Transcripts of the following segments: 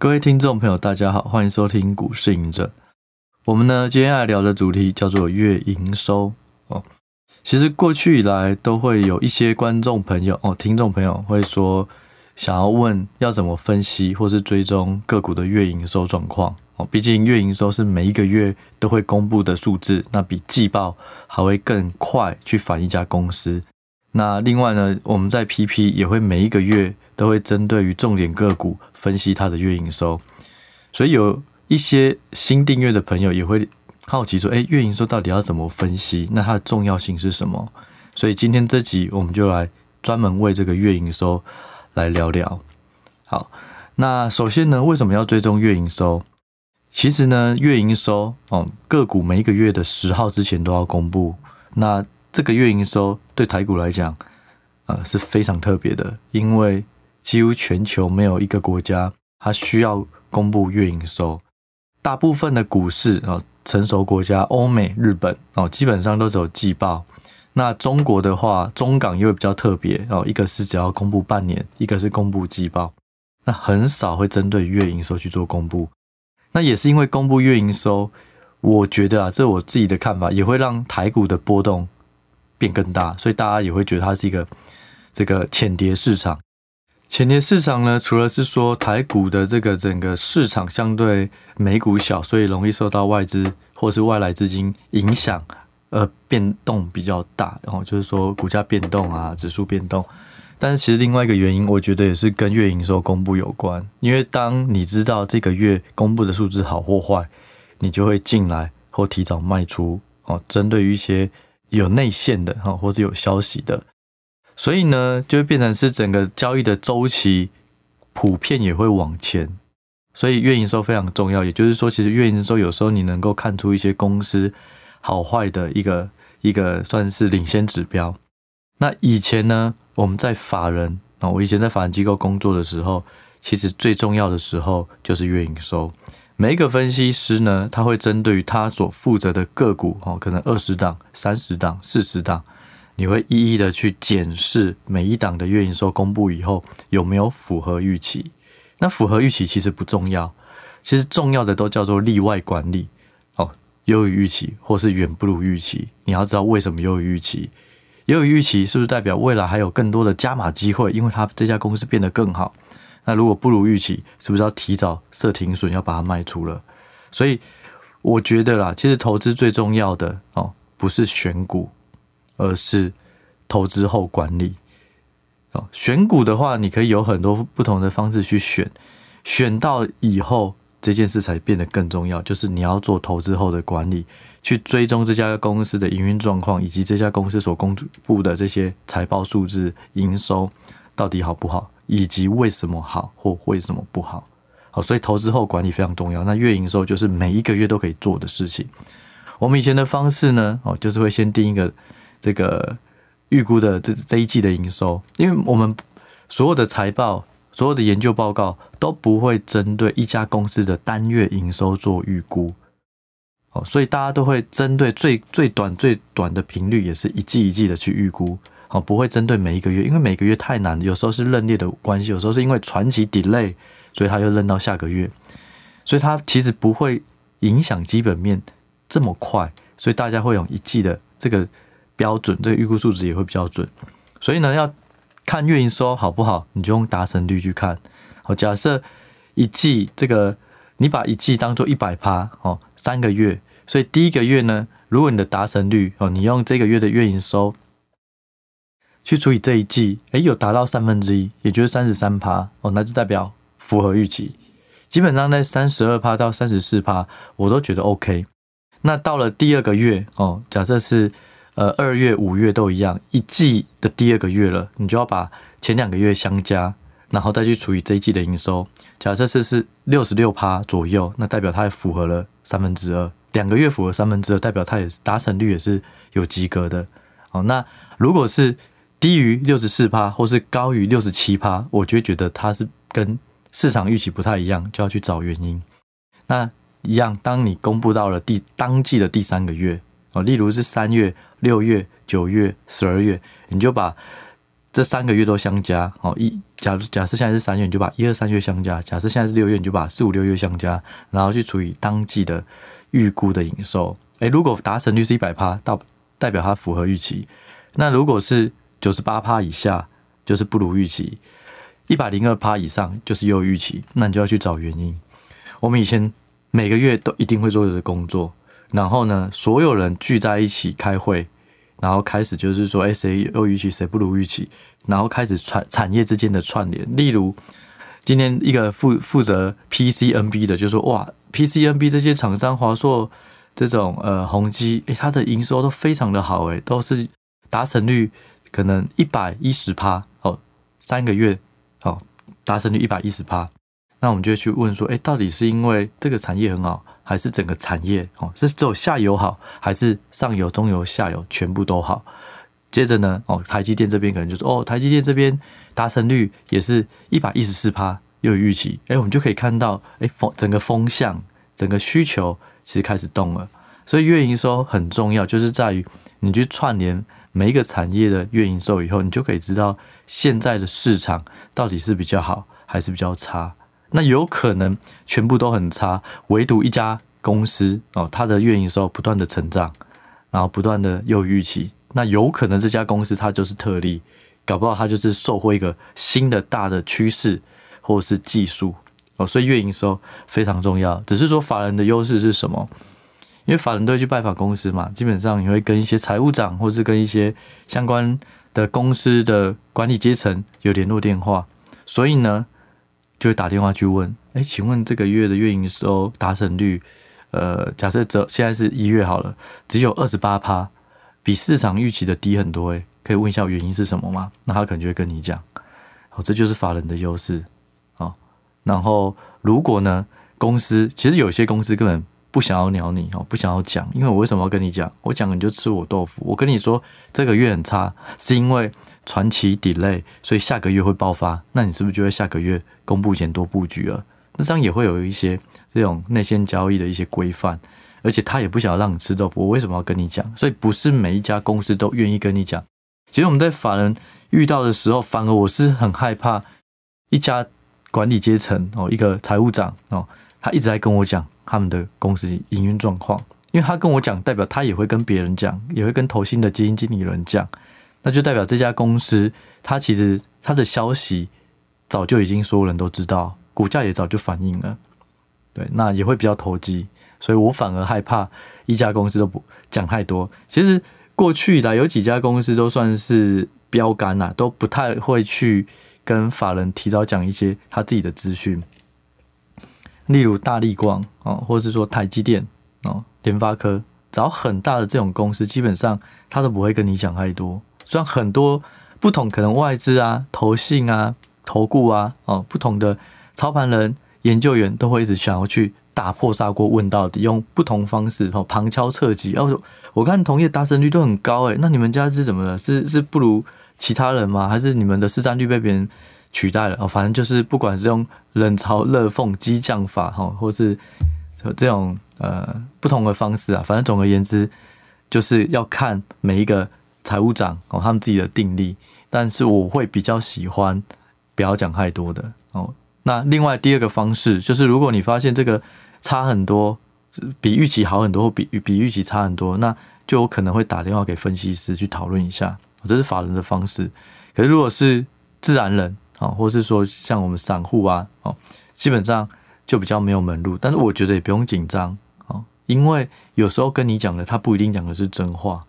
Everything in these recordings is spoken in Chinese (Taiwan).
各位聽眾朋友，大家好，歡迎收聽股市隱者。我們呢，今天要來聊的主題叫做月營收哦。其實過去以來，都會有一些觀眾朋友哦，聽眾朋友會說想要問要怎麼分析或是追蹤個股的月營收狀況哦。畢竟月營收是每一個月都會公布的數字，那比季報還會更快去反一家公司。那另外呢，我們在 PP 也會每一個月都會針對於重點個股。分析它的月營收，所以有一些新訂閱的朋友也會好奇說：“誒，月營收到底要怎麼分析？那它的重要性是什麼？”所以今天這集我們就來專門為這個月營收來聊聊。好，那首先呢，為什麼要追蹤月營收？其實呢，月營收哦，個股每一個月的十號之前都要公布，那這個月營收對台股來講，呃，是非常特別的，因為。幾乎全球沒有一個國家，它需要公布月營收。大部分的股市啊，成熟國家，歐美、日本哦，基本上都走季報。那中國的話，中港又會比較特別哦，一個是只要公布半年，一個是公布季報。那很少會針對月營收去做公布。那也是因為公布月營收，我覺得啊，這是我自己的看法，也會讓台股的波動變更大，所以大家也會覺得它是一個這個淺碟市場。前年市場呢，除了是說台股的這個整個市場相對美股小，所以容易受到外資或是外來資金影響，呃，變動比較大。哦，然後就是說股價變動啊，指數變動。但是其實另外一個原因，我覺得也是跟月營收公布有關。因為當你知道這個月公布的數字好或壞，你就會進來或提早賣出。哦，針對於一些有內線的哈、哦，或是有消息的。所以呢，就會變成是整個交易的週期普遍也會往前，所以月營收非常重要。也就是說，其實月營收有時候你能夠看出一些公司好壞的一個一個算是領先指標。那以前呢，我們在法人，那我以前在法人機構工作的時候，其實最重要的時候就是月營收。每一個分析師呢，他會針對於他所負責的個股，哦，可能二十檔、三十檔、四十檔。你會一一的去檢視每一檔的月營收公布以後有沒有符合預期？那符合預期其實不重要，其實重要的都叫做例外管理哦。優於預期或是遠不如預期，你要知道為什麼優於預期？優於預期是不是代表未來還有更多的加碼機會？因為它這家公司變得更好。那如果不如預期，是不是要提早設停損，要把它賣出了？所以我覺得啦，其實投資最重要的哦，不是選股。而是投資後管理哦，選股的話，你可以有很多不同的方式去選，選到以後這件事才變得更重要，就是你要做投資後的管理，去追蹤這家公司的營運狀況，以及這家公司所公布的這些財報數字，營收到底好不好，以及為什麼好或為什麼不好。好，所以投資後管理非常重要。那月營收就是每一個月都可以做的事情。我們以前的方式呢，哦，就是會先定一個。這個預估的這這一季的營收，因為我們所有的財報、所有的研究報告都不會針對一家公司的單月營收做預估，哦，所以大家都會針對最最短最短的頻率，也是一季一季的去預估，哦，不會針對每一個月，因為每個月太難，有時候是認列的關係，有時候是因為船期 delay，所以他又認到下個月，所以它其實不會影響基本面這麼快，所以大家會用一季的這個。標準，這個預估數值也會比較準，所以呢，要看月營收好不好，你就用達成率去看。哦，假設一季這個，你把一季當做一百趴哦，三個月，所以第一個月呢，如果你的達成率哦，你用這個月的月營收去除以這一季，誒，有達到三分之一，也就是三十三趴哦，那就代表符合預期。基本上在三十二趴到三十四趴，我都覺得 OK。那到了第二個月哦，假設是。呃，二月、五月都一樣，一季的第二個月了，你就要把前兩個月相加，然後再去除以這一季的營收。假設是是六十六趴左右，那代表它符合了三分之二，兩個月符合三分之二，代表它也是達成率也是有及格的。哦，那如果是低於六十四趴，或是高於六十七趴，我就會覺得它是跟市場預期不太一樣，就要去找原因。那一樣，當你公布到了第當季的第三個月，哦，例如是三月。六月、九月、十二月，你就把這三個月都相加，好一。假如假設現在是三月，你就把一二三月相加；假設現在是六月，你就把四五六月相加，然後去除以當季的預估的營收。誒、欸，如果達成率是一百趴，到，代表它符合預期；那如果是九十八趴以下，就是不如預期；一百零二趴以上，就是優於預期。那你就要去找原因。我們以前每個月都一定會做這個工作。然後呢，所有人聚在一起開會，然後開始就是說，哎，誰又預期，誰不如預期，然後開始串產業之間的串聯。例如，今天一個負負責 PCNB 的就是說，哇，PCNB 這些廠商，華碩這種呃宏碁，哎，它的營收都非常的好，哎，都是達成率可能一百一十趴哦，三個月哦，達成率一百一十趴。那我們就會去問說，哎，到底是因為這個產業很好？還是整個產業哦，是只有下游好，還是上游、中游、下游全部都好？接着呢，哦，台積電這邊可能就說，是，哦，台積電這邊達成率也是一百一十四趴，又有預期，哎，我們就可以看到，誒，風整個風向，整個需求其實開始動了。所以月營收很重要，就是在於你去串聯每一個產業的月營收以後，你就可以知道現在的市場到底是比較好還是比較差。那有可能全部都很差，唯獨一家公司哦，它的月營收不斷的成長，然後不斷的有預期，那有可能這家公司它就是特例，搞不好它就是受惠一個新的大的趨勢或是技術哦，所以月營收非常重要。只是說法人的優勢是什麼？因為法人都會去拜訪公司嘛，基本上你會跟一些財務長或是跟一些相關的公司的管理階層有聯絡電話，所以呢。就會打電話去問，誒、欸，請問這個月的月營收達成率，呃，假設這現在是一月好了，只有二十八趴，比市場預期的低很多，欸，誒，可以問一下原因是什麼嗎？那他可能就會跟你講，哦，這就是法人的優勢，啊、哦，然後如果呢，公司其實有些公司根本，不想要鳥你哦，不想要講，因為我為什麼要跟你講？我講你就吃我豆腐。我跟你說這個月很差，是因為船期 delay，所以下個月會爆發。那你是不是就會下個月公布前多布局了？那這樣也會有一些這種內線交易的一些規範，而且他也不想要讓你吃豆腐。我為什麼要跟你講？所以不是每一家公司都願意跟你講。其實我們在法人遇到的時候，反而我是很害怕一家管理階層哦，一個財務長哦。他一直在跟我講他們的公司營運狀況，因為他跟我講，代表他也會跟別人講，也會跟投信的基金經理人講，那就代表這家公司，他其實他的消息早就已經所有人都知道，股價也早就反映了，對，那也會比較投機，所以我反而害怕一家公司都不講太多。其實過去以來有幾家公司都算是標杆啦、啊，都不太會去跟法人提早講一些他自己的資訊。例如大立光啊、哦，或者是說台積電哦，聯發科，只要很大的這種公司，基本上他都不會跟你講太多。雖然很多不同，可能外資啊、投信啊、投顧啊，哦，不同的操盤人、研究員都會一直想要去打破砂鍋問到底，用不同方式，哦，旁敲側擊。哦，我看同業達成率都很高，欸，哎，那你們家是怎麼了？是，是不如其他人嗎？還是你們的市佔率被別人？取代了哦，反正就是不管是用冷嘲熱諷、激將法吼，或是這種呃不同的方式啊，反正總而言之，就是要看每一個財務長哦他們自己的定力。但是我會比較喜歡不要講太多的哦。那另外第二個方式就是，如果你發現這個差很多，比預期好很多，或比比預期差很多，那就有可能會打電話給分析師去討論一下。這是法人的方式，可是如果是自然人。啊，或是說像我們散戶啊，哦，基本上就比較沒有門路。但是我覺得也不用緊張啊，因為有時候跟你講的他不一定講的是真話。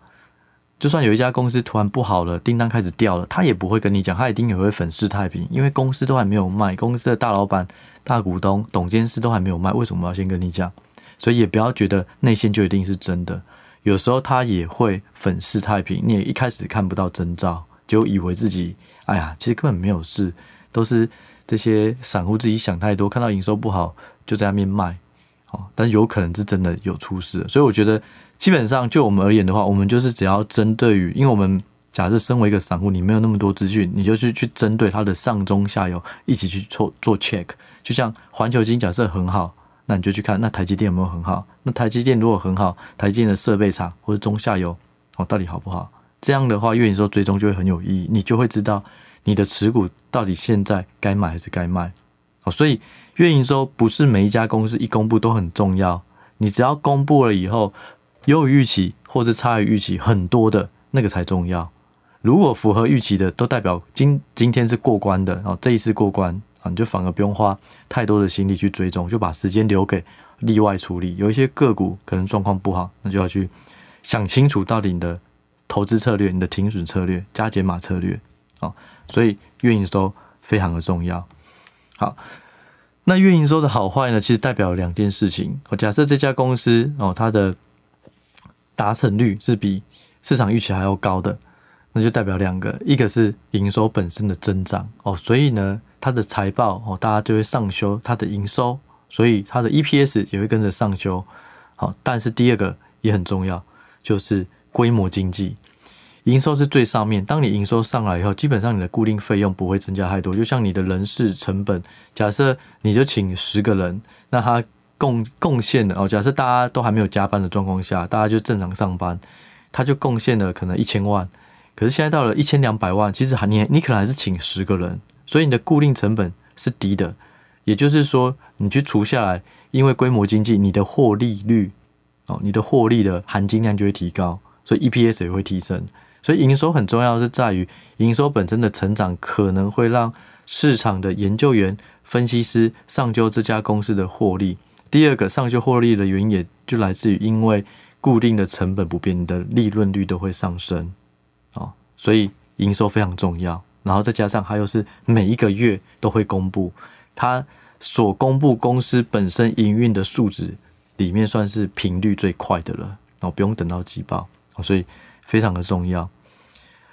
就算有一家公司突然不好了，訂單開始掉了，他也不會跟你講，他一定也會粉飾太平。因為公司都還沒有賣，公司的大老闆、大股東、董監事都還沒有賣，為什麼要先跟你講？所以也不要覺得內線就一定是真的，有時候他也會粉飾太平。你也一開始看不到徵兆，就以為自己。哎呀，其實根本沒有事，都是這些散戶自己想太多，看到營收不好就在那邊賣，哦，但是有可能是真的有出事，所以我覺得基本上就我們而言的話，我們就是只要針對於，因為我們假設身為一個散戶，你沒有那麼多資訊，你就去去針對它的上中下游一起去做做 check，就像環球晶假設很好，那你就去看那台積電有沒有很好，那台積電如果很好，台積電的設備廠或者中下游，哦，到底好不好？這樣的話，月營收追蹤就會很有意義，你就會知道你的持股到底現在該買還是該賣。哦，所以月營收不是每一家公司一公布都很重要，你只要公布了以後，優於預期或者差於預期很多的那個才重要。如果符合預期的，都代表今今天是過關的。哦，這一次過關啊，你就反而不用花太多的心力去追蹤，就把時間留給例外處理。有一些個股可能狀況不好，那就要去想清楚到底你的。投資策略，你的停損策略、加減碼策略，哦，所以月營收非常的重要。好，那月營收的好壞呢，其實代表兩件事情。我假設這家公司哦，它的達成率是比市場預期還要高的，那就代表兩個，一個是營收本身的增長，哦，所以呢，它的財報哦，大家就會上修它的營收，所以它的 EPS 也會跟着上修。好，哦，但是第二個也很重要，就是。規模經濟，營收是最上面。當你營收上來以後，基本上你的固定費用不會增加太多。就像你的人事成本，假設你就請十個人，那他貢貢獻的哦。假設大家都還沒有加班的狀況下，大家就正常上班，他就貢獻了可能一千萬。可是現在到了一千兩百萬，其實還你你可能還是請十個人，所以你的固定成本是低的。也就是說，你去除下來，因為規模經濟，你的獲利率哦，你的獲利的含金量就會提高。所以 EPS 也會提升，所以營收很重要，是在於營收本身的成長可能會讓市場的研究員、分析師上修這家公司的獲利。第二個上修獲利的原因，也就來自於因為固定的成本不變，你的利潤率都會上升，哦，所以營收非常重要。然後再加上它又是每一個月都會公布，它所公布公司本身營運的數值裡面算是頻率最快的了，然後不用等到季報。哦、所以非常的重要。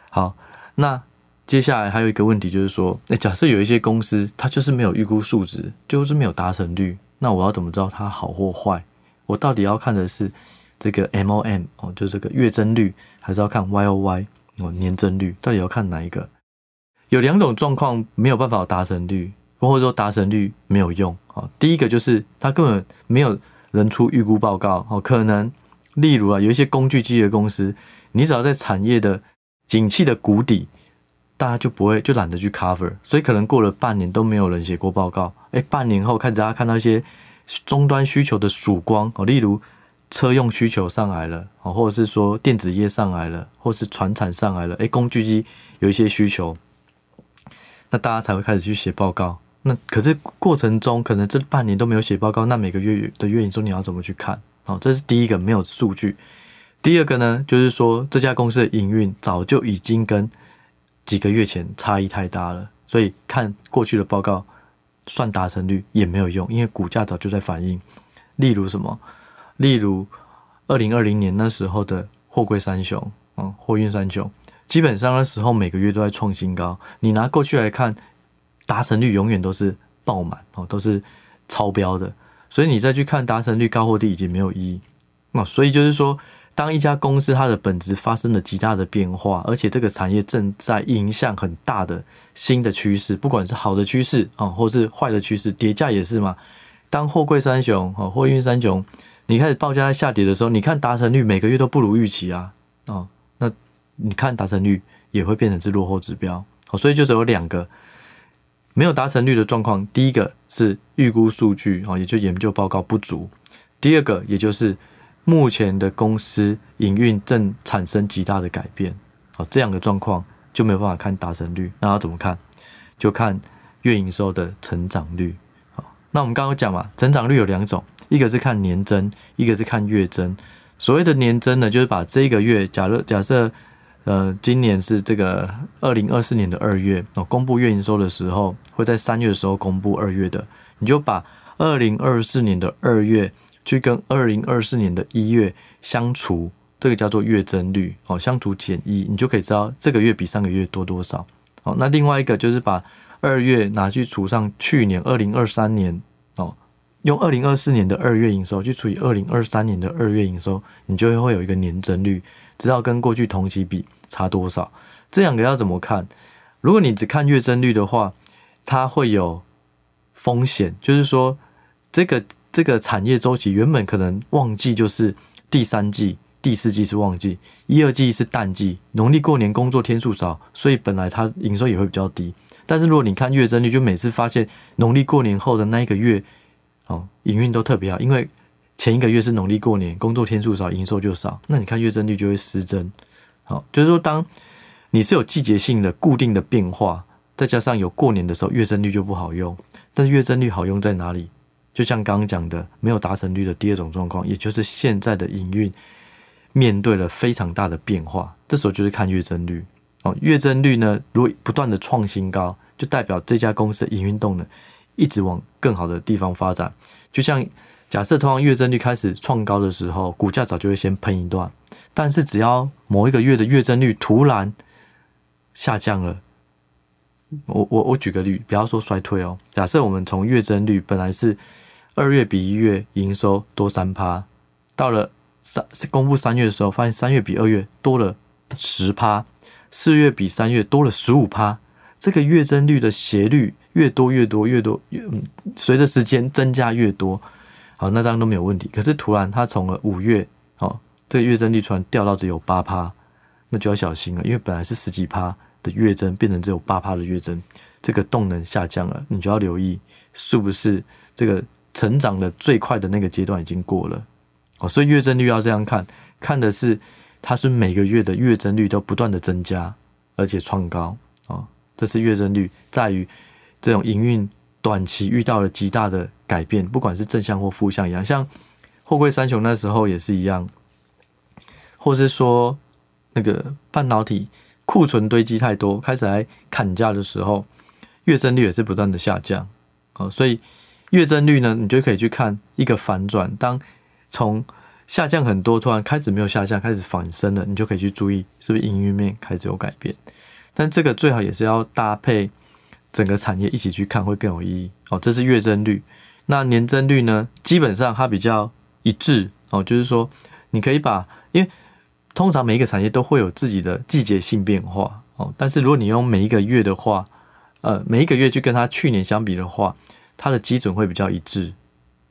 好，那接下來還有一個問題，就是說，哎、欸，假設有一些公司，它就是沒有預估數值，就是沒有達成率，那我要怎麼知道它好或壞？我到底要看的是這個 MOM 哦，就這個月增率，還是要看 YOY 哦，年增率？到底要看哪一個？有兩種狀況沒有辦法達成率，或者說達成率沒有用。啊、哦，第一個就是他根本沒有人出預估報告，哦，可能。例如啊，有一些工具機的公司，你只要在產業的景氣的谷底，大家就不會就懶得去 cover，所以可能過了半年都沒有人寫過報告。哎，半年後開始大家看到一些終端需求的曙光哦，例如車用需求上來了哦，或者是說電子業上來了，或者是傳產上來了，哎，工具機有一些需求，那大家才會開始去寫報告。那可是過程中可能這半年都沒有寫報告，那每個月的月營收，你說你要怎麼去看？哦，這是第一個沒有數據。第二個呢，就是說這家公司的營運早就已經跟幾個月前差異太大了，所以看過去的報告算達成率也沒有用，因為股價早就在反映。例如什麼？例如二零二零年那時候的貨櫃三雄，嗯，貨運三雄，基本上那時候每個月都在創新高。你拿過去來看，達成率永遠都是爆滿哦，都是超標的。所以你再去看達成率高或低已經沒有意義，那、哦、所以就是說，當一家公司它的本質發生了極大的變化，而且這個產業正在迎向很大的新的趨勢，不管是好的趨勢啊，或是壞的趨勢，跌價也是嘛。當貨櫃三雄啊，貨、哦、運三雄，你開始報價在下跌的時候，你看達成率每個月都不如預期啊，哦，那你看達成率也會變成是落後指標，哦，所以就只有兩個。沒有達成率的狀況，第一個是預估數據啊，也就研究報告不足；第二個也就是目前的公司營運正產生極大的改變啊，這樣的狀況就沒有辦法看達成率。那要怎麼看？就看月營收的成長率。好，那我們剛剛講嘛，成長率有兩種，一個是看年增，一個是看月增。所謂的年增呢，就是把這個月，假設，假設呃，今年是這個二零二四年的二月哦，公布月營收的時候，會在三月的時候公布二月的。你就把二零二四年的二月去跟二零二四年的一月相除，這個叫做月增率哦，相除減一，你就可以知道這個月比上個月多多少。哦，那另外一個就是把二月拿去除上去年二零二三年哦，用二零二四年的二月營收去除以二零二三年的二月營收，你就會會有一個年增率。知道跟過去同期比差多少？這兩個要怎麼看？如果你只看月增率的話，它會有風險，就是說這個這個產業週期原本可能旺季就是第三季、第四季是旺季，一二季是淡季。農曆過年工作天數少，所以本來它營收也會比較低。但是如果你看月增率，就每次發現農曆過年後的那一個月，哦，營運都特別好，因為。前一個月是農曆過年，工作天數少，營收就少。那你看月增率就會失真。好，就是說，當你是有季節性的固定的變化，再加上有過年的時候，月增率就不好用。但是月增率好用在哪裡？就像剛剛講的，沒有達成率的第二種狀況，也就是現在的營運面對了非常大的變化。這時候就是看月增率。好，月增率呢，如果不斷的創新高，就代表這家公司的營運動能一直往更好的地方發展。就像。假設通常月增率開始創高的時候，股價早就會先噴一段。但是只要某一個月的月增率突然下降了，我我我舉個例，不要說衰退哦。假設我們從月增率本來是二月比一月營收多三趴，到了三公布三月的時候，發現三月比二月多了十趴，四月比三月多了十五趴，這個月增率的斜率越多越多越多，隨着時間增加越多。好，那這樣都沒有問題。可是突然，它從了五月，哦，這個月增率突然掉到只有八趴，那就要小心了，因為本來是十幾趴的月增，變成只有八趴的月增，這個動能下降了，你就要留意是不是這個成長的最快的那個階段已經過了。哦，所以月增率要這樣看，看的是它是每個月的月增率都不斷的增加，而且創高哦，這是月增率，在於這種營運短期遇到了極大的。改變，不管是正向或負向一樣，像貨櫃三雄那時候也是一樣，或是說那個半導體庫存堆積太多，開始來砍價的時候，月增率也是不斷的下降。哦，所以月增率呢，你就可以去看一個反轉，當從下降很多，突然開始沒有下降，開始反升了，你就可以去注意是不是營運面開始有改變。但這個最好也是要搭配整個產業一起去看，會更有意義。哦，這是月增率。那年增率呢？基本上它比較一致哦，就是說你可以把，因為通常每一個產業都會有自己的季節性變化哦。但是如果你用每一個月的話，呃，每一個月去跟它去年相比的話，它的基準會比較一致，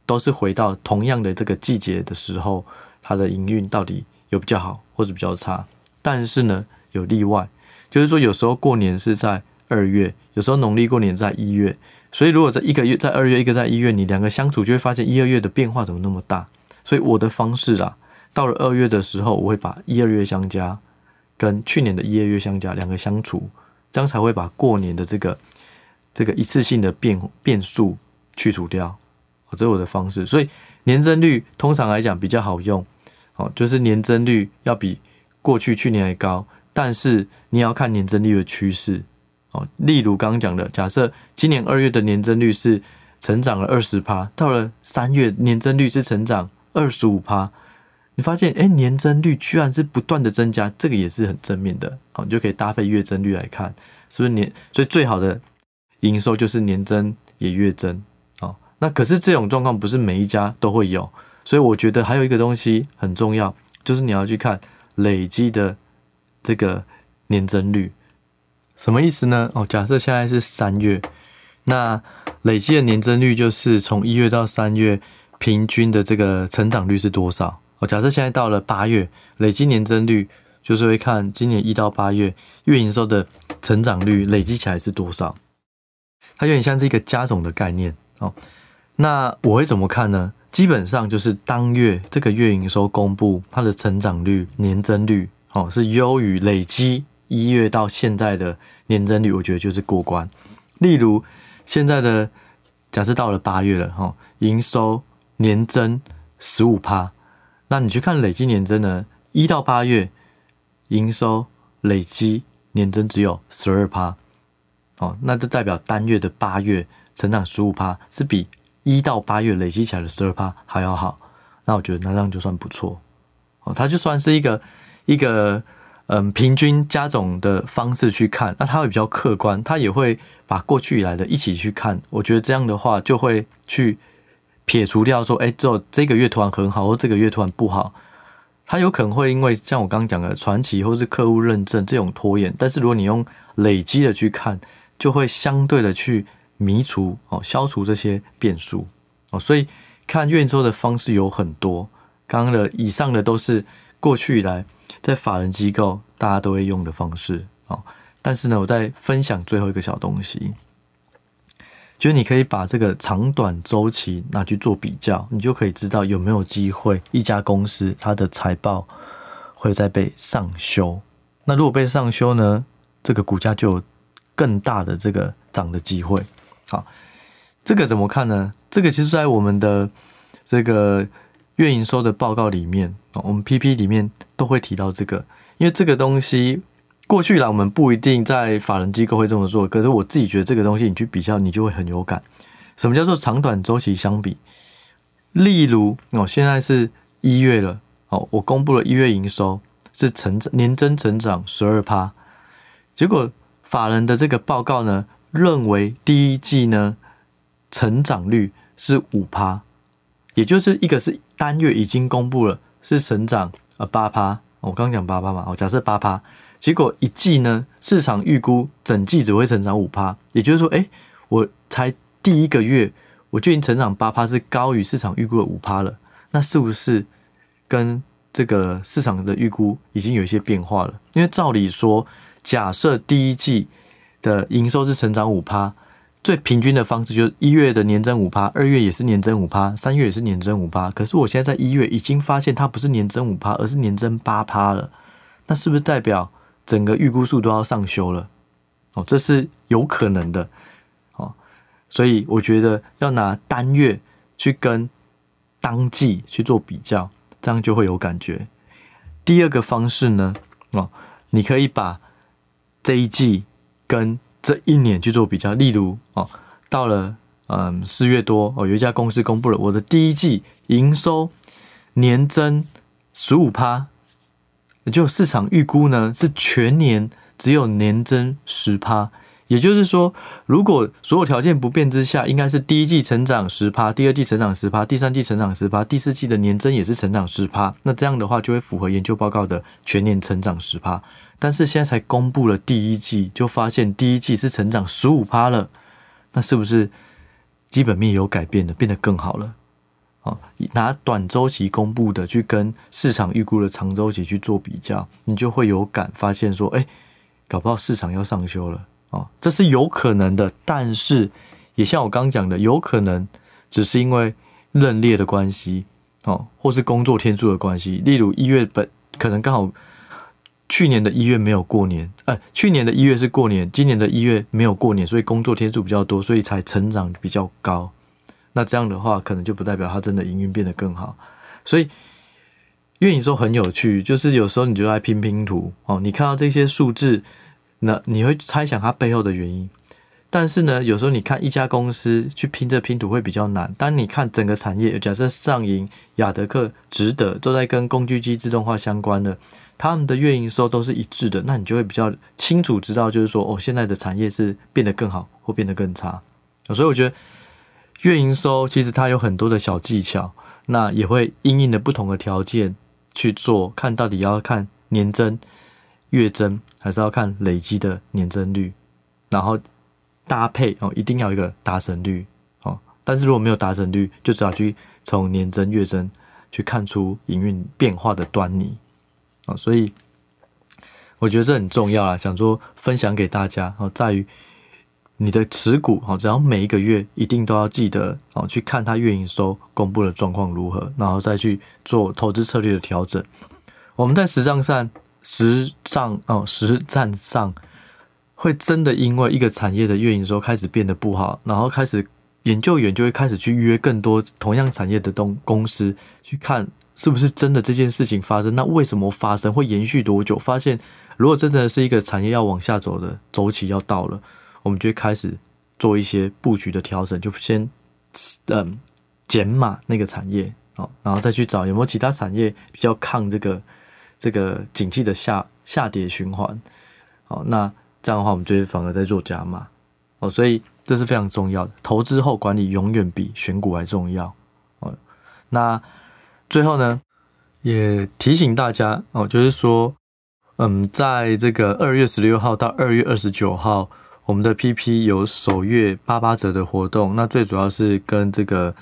都是回到同樣的這個季節的時候，它的營運到底有比較好或者比較差。但是呢，有例外，就是說有時候過年是在二月，有時候農曆過年在一月。所以，如果在一個月，在二月一個在一月，你兩個相除就會發現一二月的變化怎麼那麼大？所以我的方式啦，到了二月的時候，我會把一二月相加，跟去年的一二月相加，兩個相除，這樣才會把過年的這個這個一次性的變變數去除掉。這是我的方式。所以年增率通常來講比較好用，哦，就是年增率要比過去去年還高，但是你要看年增率的趨勢。哦，例如剛剛講的，假設今年二月的年增率是成長了二十趴，到了三月年增率是成長二十五趴，你發現哎，年增率居然是不斷的增加，這個也是很正面的哦。你就可以搭配月增率來看，是不是年？所以最好的營收就是年增也月增。哦，那可是這種狀況不是每一家都會有，所以我覺得還有一個東西很重要，就是你要去看累積的這個年增率。什麼意思呢？哦，假設現在是三月，那累積的年增率就是從一月到三月平均的這個成長率是多少？哦，假設現在到了八月，累積年增率就是會看今年一到八月月營收的成長率累積起來是多少？它有點像是一個加總的概念哦。那我會怎麼看呢？基本上就是當月這個月營收公布，它的成長率、年增率哦是優於累積。一月到現在的年增率，我覺得就是過關。例如現在的，假設到了八月了哈，營收年增十五趴。那你去看累計年增呢？一到八月營收累計年增只有十二趴哦，那就代表單月的八月成長十五趴，是比一到八月累積起來的十二趴還要好。那我覺得那樣就算不錯，哦，它就算是一個一個。嗯，平均加總的方式去看，那他會比較客觀，他也會把過去以來的一起去看。我覺得這樣的話，就會去撇除掉說，哎、欸，這這個樂團很好，或這個樂團不好。他有可能會因為像我剛剛講的傳奇或是客戶認證這種拖延，但是如果你用累積的去看，就會相對的去彌除哦，消除這些變數哦。所以看運週的方式有很多，剛剛的以上的都是過去以來，在法人機構，大家都會用的方式。但是呢，我再分享最後一個小東西，就是你可以把這個長短週期拿去做比較，你就可以知道有沒有機會一家公司它的財報會再被上修。那如果被上修呢，這個股價就有更大的這個漲的機會。好，這個怎麼看呢？這個其實，在我們的這個。月營收的報告裡面我們 PP 裡面都會提到這個，因為這個東西，過去呢，我們不一定在法人機構會這麼做，可是我自己覺得這個東西，你去比較，你就會很有感。什麼叫做長短週期相比？例如，我、哦、現在是一月了，哦，我公布了一月營收是成年增成長十二趴，結果法人的這個報告呢，認為第一季呢成長率是五趴，也就是一個是。單月已經公布了是成長呃八趴，我剛講八趴嘛，哦假設八趴，結果一季呢市場預估整季只會成長五趴，也就是說，誒我才第一個月我就已經成長八趴，是高於市場預估的五趴了，那是不是跟這個市場的預估已經有一些變化了？因為照理說，假設第一季的營收是成長五趴。最平均的方式就是一月的年增五趴，二月也是年增五趴，三月也是年增五趴。可是我現在在一月已經發現它不是年增五趴，而是年增八趴了。那是不是代表整個預估數都要上修了？哦，這是有可能的。哦，所以我覺得要拿單月去跟當季去做比較，這樣就會有感覺。第二個方式呢，哦，你可以把這一季跟這一年去做比較，例如哦，到了嗯四月多哦，有一家公司公布了我的第一季營收年增十五趴，就市場預估呢是全年只有年增十趴，也就是說，如果所有條件不變之下，應該是第一季成長十趴，第二季成長十趴，第三季成長十趴，第四季的年增也是成長十趴，那這樣的話就會符合研究報告的全年成長十趴。但是現在才公布了第一季，就發現第一季是成長十五趴了，那是不是基本面有改變了，變得更好了？哦，拿短週期公布的去跟市場預估的長週期去做比較，你就會有感發現說，哎、欸，搞不好市場要上修了哦，這是有可能的。但是也像我剛剛講的，有可能只是因為農曆的關係哦，或是工作天數的關係，例如一月份可能剛好。去年的一月沒有過年，呃，去年的一月是過年，今年的一月沒有過年，所以工作天數比較多，所以才成長比較高。那這樣的話，可能就不代表它真的營運變得更好。所以，願意說很有趣，就是有時候你就在拼拼圖哦，你看到這些數字，那你會猜想它背後的原因。但是呢，有時候你看一家公司去拼這拼圖會比較難，但你看整個產業，假設上銀、亞德客、直得都在跟工具機自動化相關的。他們的月營收都是一致的，那你就會比較清楚知道，就是說哦，現在的產業是變得更好，或變得更差。所以我覺得月營收其實它有很多的小技巧，那也會因應的不同的條件去做，看到底要看年增、月增，還是要看累積的年增率，然後搭配哦，一定要一個達成率哦。但是如果沒有達成率，就只好去從年增、月增去看出營運變化的端倪。啊，所以我覺得這很重要啊，想說分享給大家。哦，在於你的持股，哈，只要每一個月一定都要記得，哦，去看它月營收公布的狀況如何，然後再去做投資策略的調整。我們在實戰上，實戰哦，實戰上會真的因為一個產業的月營收開始變得不好，然後開始研究員就會開始去約更多同樣產業的東公司去看。是不是真的這件事情發生？那為什麼發生？會延續多久？發現如果真的是一個產業要往下走的周期要到了，我們就會開始做一些布局的調整，就先嗯減碼那個產業哦，然後再去找有沒有其他產業比較抗這個這個景氣的下下跌循環哦。那這樣的話，我們就是反而在做加碼哦，所以這是非常重要的投資後管理永遠比選股還重要哦。那。最後呢，也提醒大家哦，就是說，嗯，在這個二月十六號到二月二十九號，我們的 PP 有首月八八折的活動。那最主要是跟這個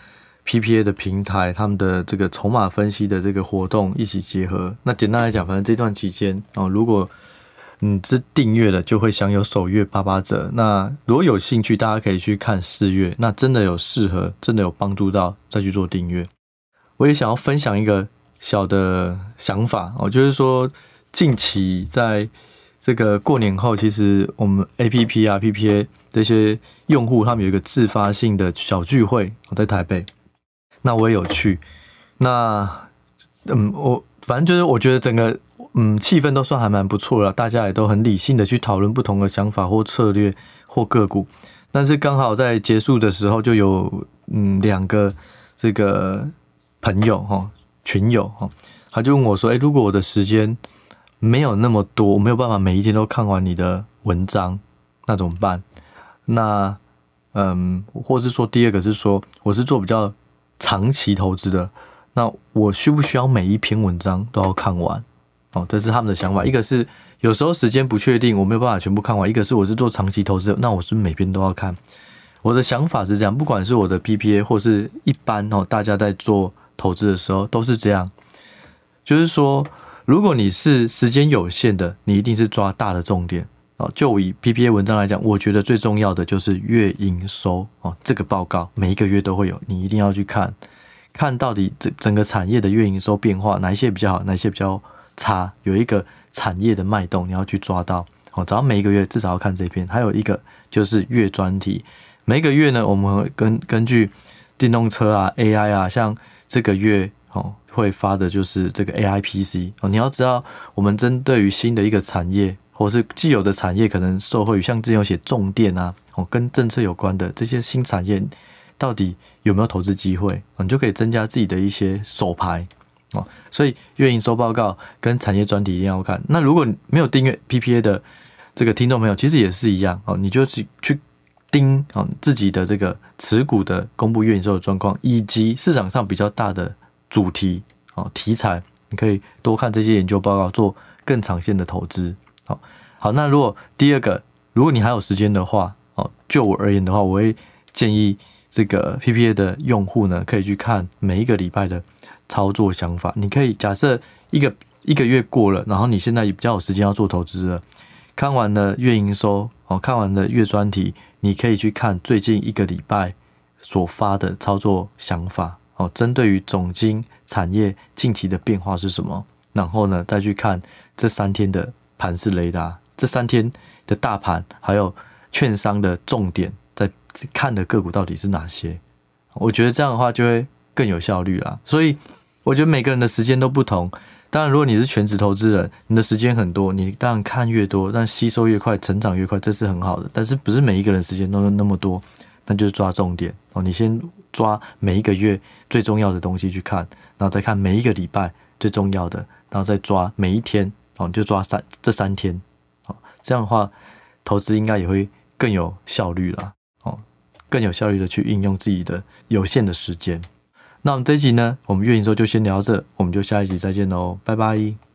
PPA 的平台他們的這個籌碼分析的這個活動一起結合。那簡單來講，反正這段期間哦，如果你是、嗯、訂閱了，就會享有首月八八折。那如果有興趣，大家可以去看試閱，那真的有適合，真的有幫助到，再去做訂閱。我也想要分享一個小的想法哦，就是說近期在這個過年後，其實我們 APP 啊、PPA 這些用戶，他們有一個自發性的小聚會，我在台北。那我也有去。那嗯，我反正就是我覺得整個嗯氣氛都算還蠻不錯了，大家也都很理性的去討論不同的想法或策略或個股。但是剛好在結束的時候，就有嗯兩個這個。朋友哈，群友哈，他就問我說：“誒、欸，如果我的時間沒有那麼多，我沒有辦法每一天都看完你的文章，那怎麼辦？那嗯，或是說，第二個是說，我是做比較長期投資的，那我需不需要每一篇文章都要看完？哦，這是他們的想法。一個是有時候時間不確定，我沒有辦法全部看完；一個是我是做長期投資，那我是不是每篇都要看？我的想法是這樣：不管是我的 PPA，或是一般哦，大家在做。投資的時候都是這樣，就是說，如果你是時間有限的，你一定是抓大的重點啊。就以 P P A 文章來講，我覺得最重要的就是月營收哦，這個報告每一個月都會有，你一定要去看，看到底這整個產業的月營收變化，哪一些比較好，哪一些比較差，有一個產業的脈動你要去抓到哦。只要每一個月至少要看這篇，還有一個就是月專題，每一個月呢，我們會根根據電動車啊、A I 啊，像這個月哦，會發的就是這個 AIPC 哦。你要知道，我們針對於新的一個產業，或是既有的產業，可能受惠於像這些重電啊，哦，跟政策有關的這些新產業，到底有沒有投資機會，你就可以增加自己的一些手牌哦。所以月營收報告跟產業專題一定要看。那如果沒有訂閱 PPA 的這個聽眾朋友，其實也是一樣哦，你就是去。盯啊，自己的這個持股的公布月營收的狀況，以及市場上比較大的主題哦，題材，你可以多看這些研究報告，做更長線的投資。好，好，那如果第二個，如果你還有時間的話，哦，就我而言的話，我會建議這個 PPA 的用戶呢，可以去看每一個禮拜的操作想法。你可以假設一個一個月過了，然後你現在也比較有時間要做投資了，看完了月營收，哦，看完了月專題。你可以去看最近一個禮拜所發的操作想法哦，針對於總經產業近期的變化是什麼？然後呢，再去看這三天的盤勢雷達，這三天的大盤，還有券商的重點在看的個股到底是哪些？我覺得這樣的話就會更有效率啦。所以我覺得每個人的時間都不同。當然，如果你是全職投資人，你的時間很多，你當然看越多，但吸收越快，成長越快，這是很好的。但是不是每一個人時間都那麼多，那就是抓重點哦。你先抓每一個月最重要的東西去看，然後再看每一個禮拜最重要的，然後再抓每一天哦，你就抓三這三天哦。這樣的話，投資應該也會更有效率了哦，更有效率的去運用自己的有限的時間。那我們這一集呢，我們月營收就先聊這，我們就下一集再見嘍，拜拜。